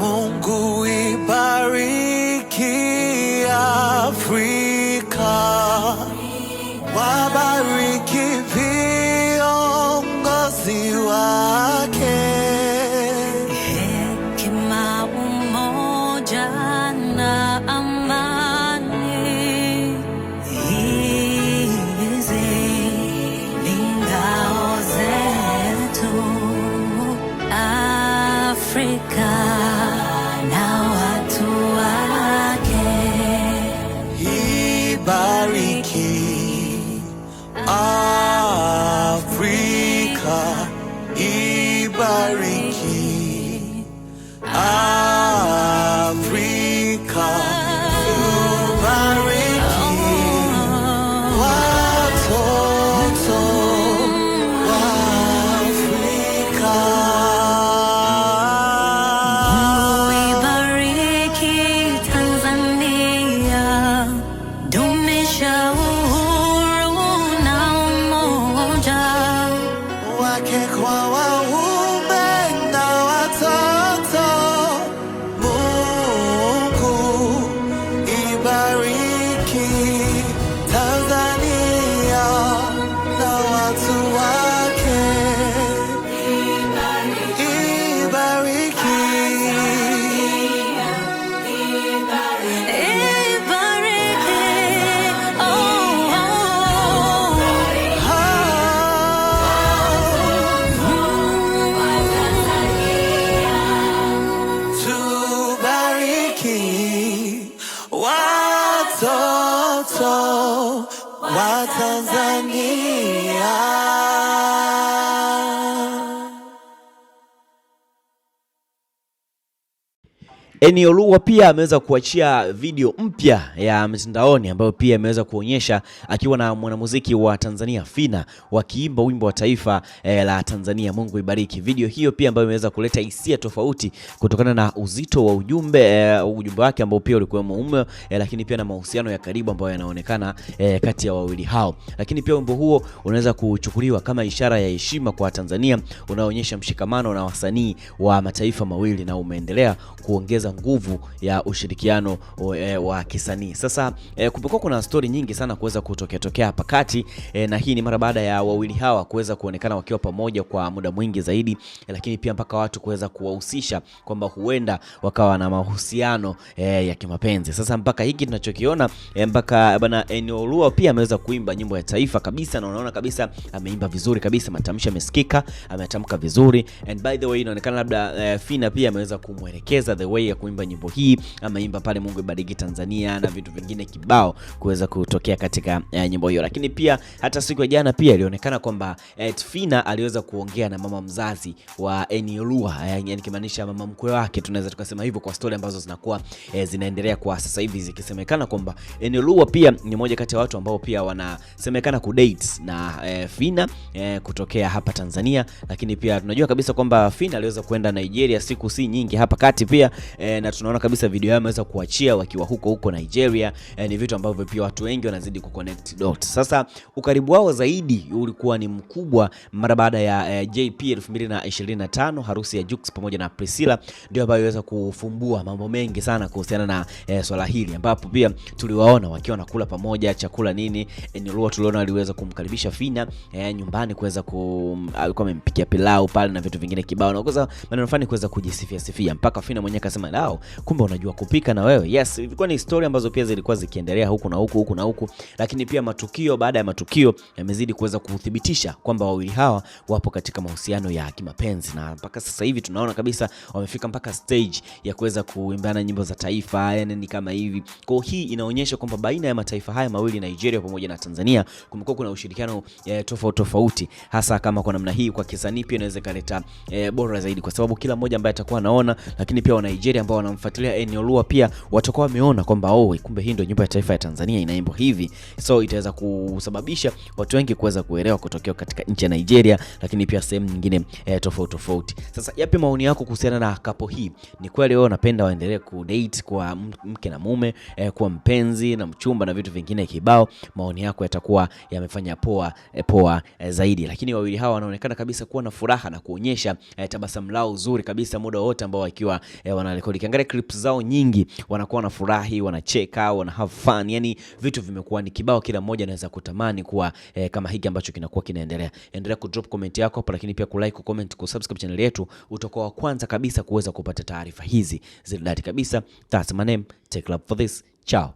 Mungu ibariki Afrika, wabariki viongozi wake, hekima, umoja na amani hizi ni ngao zetu Afrika. wow, wow, wow. 我站在。Enioluwa pia ameweza kuachia video mpya ya mtandaoni ambayo pia imeweza kuonyesha akiwa na mwanamuziki wa Tanzania Phina wakiimba wimbo wa taifa eh, la Tanzania Mungu Ibariki. Video hiyo pia ambayo imeweza kuleta hisia tofauti kutokana na uzito wa ujumbe eh, ujumbe wake ambao pia ulikuwemo ume eh, lakini pia na mahusiano ya karibu ambayo yanaonekana eh, kati ya wawili hao. Lakini pia wimbo huo unaweza kuchukuliwa kama ishara ya heshima kwa Tanzania unaoonyesha mshikamano na wasanii wa mataifa mawili na umeendelea kuongeza kuongeza nguvu ya ushirikiano e, wa kisanii. Sasa e, kumekuwa kuna stori nyingi sana kuweza kutokea tokea hapa kati e, na hii ni mara baada ya wawili hawa kuweza kuonekana wakiwa pamoja kwa muda mwingi zaidi e, lakini pia mpaka watu kuweza kuwahusisha kwamba huenda wakawa na mahusiano e, ya kimapenzi. Sasa mpaka hiki tunachokiona e, mpaka bwana Eniolua pia ameweza kuimba nyimbo ya taifa kabisa, na unaona kabisa ameimba vizuri kabisa, matamshi amesikika, ametamka vizuri and by the way inaonekana labda e, Fina pia ameweza kumwelekeza the way kuimba nyimbo hii ama imba pale Mungu ibariki Tanzania na vitu vingine kibao kuweza kutokea katika eh, nyimbo hiyo. Lakini pia hata siku ya jana pia ilionekana kwamba eh, tfina aliweza kuongea na mama mzazi wa Eniolua eh, nikimaanisha mama mkwe wake, tunaweza tukasema hivyo kwa stori ambazo zinakuwa eh, zinaendelea kwa sasa hivi zikisemekana kwamba Eniolua pia ni moja kati ya watu ambao pia wanasemekana kudate na eh, Fina eh, kutokea hapa Tanzania, lakini pia tunajua kabisa kwamba Fina aliweza kwenda Nigeria siku si nyingi hapa kati pia eh, e, na tunaona kabisa video yao ameweza kuachia wakiwa huko huko Nigeria. E, ni vitu ambavyo pia watu wengi wanazidi kuconnect dot. Sasa ukaribu wao zaidi ulikuwa ni mkubwa mara baada ya e, JP 2025 harusi ya Jux pamoja na Priscilla ndio ambayo iweza kufumbua mambo mengi sana kuhusiana na e, swala hili ambapo pia tuliwaona wakiwa nakula pamoja chakula nini, ni Enilua tuliona waliweza kumkaribisha Fina e, nyumbani kuweza ku alikuwa amempikia pilau pale na vitu vingine kibao na kwa maneno fulani kuweza kujisifia sifia mpaka Fina mwenyewe akasema mtandao kumbe unajua kupika na wewe. Yes, ilikuwa ni story ambazo pia zilikuwa zikiendelea huku na huku huku na huku, lakini pia matukio baada ya matukio yamezidi kuweza kuthibitisha kwamba wawili hawa wapo katika mahusiano ya kimapenzi, na mpaka sasa hivi tunaona kabisa wamefika mpaka stage ya kuweza kuimbana nyimbo za taifa, yani ni kama hivi. Kwa hii inaonyesha kwamba baina ya mataifa haya mawili, Nigeria pamoja na Tanzania, kumekuwa kuna ushirikiano e, tofauti tofauti, hasa kama kwa namna hii kwa kisanii pia inaweza kaleta e, eh, bora zaidi, kwa sababu kila mmoja ambaye atakuwa anaona, lakini pia wa Nigeria ambao wanamfuatilia Eniolua pia watakuwa wameona kwamba oh, kumbe hii ndio nyumba ya taifa ya Tanzania inaimbwa hivi, so itaweza kusababisha watu wengi kuweza kuelewa kutokea katika nchi ya Nigeria, lakini pia sehemu nyingine eh, tofauti tofauti. Sasa yapi maoni yako kuhusiana na kapo hii? Ni kweli wewe unapenda waendelee kudate kwa mke na mume eh, kuwa mpenzi na mchumba na vitu vingine kibao? Maoni yako yatakuwa yamefanya poa eh, poa eh, zaidi, lakini wawili hawa wanaonekana kabisa kuwa na furaha na kuonyesha eh, tabasamu lao zuri kabisa muda wote ambao wakiwa eh, wanarekodi Ukiangalia clips zao nyingi, wanakuwa wanafurahi, wanacheka, wana have fun, yani vitu vimekuwa ni kibao, kila mmoja anaweza kutamani kuwa eh, kama hiki ambacho kinakuwa kinaendelea. Endelea ku drop comment yako hapa, lakini pia ku like, ku comment, ku subscribe channel yetu, utakuwa wa kwanza kabisa kuweza kupata taarifa hizi zilidati kabisa. That's my name, take love for this, ciao.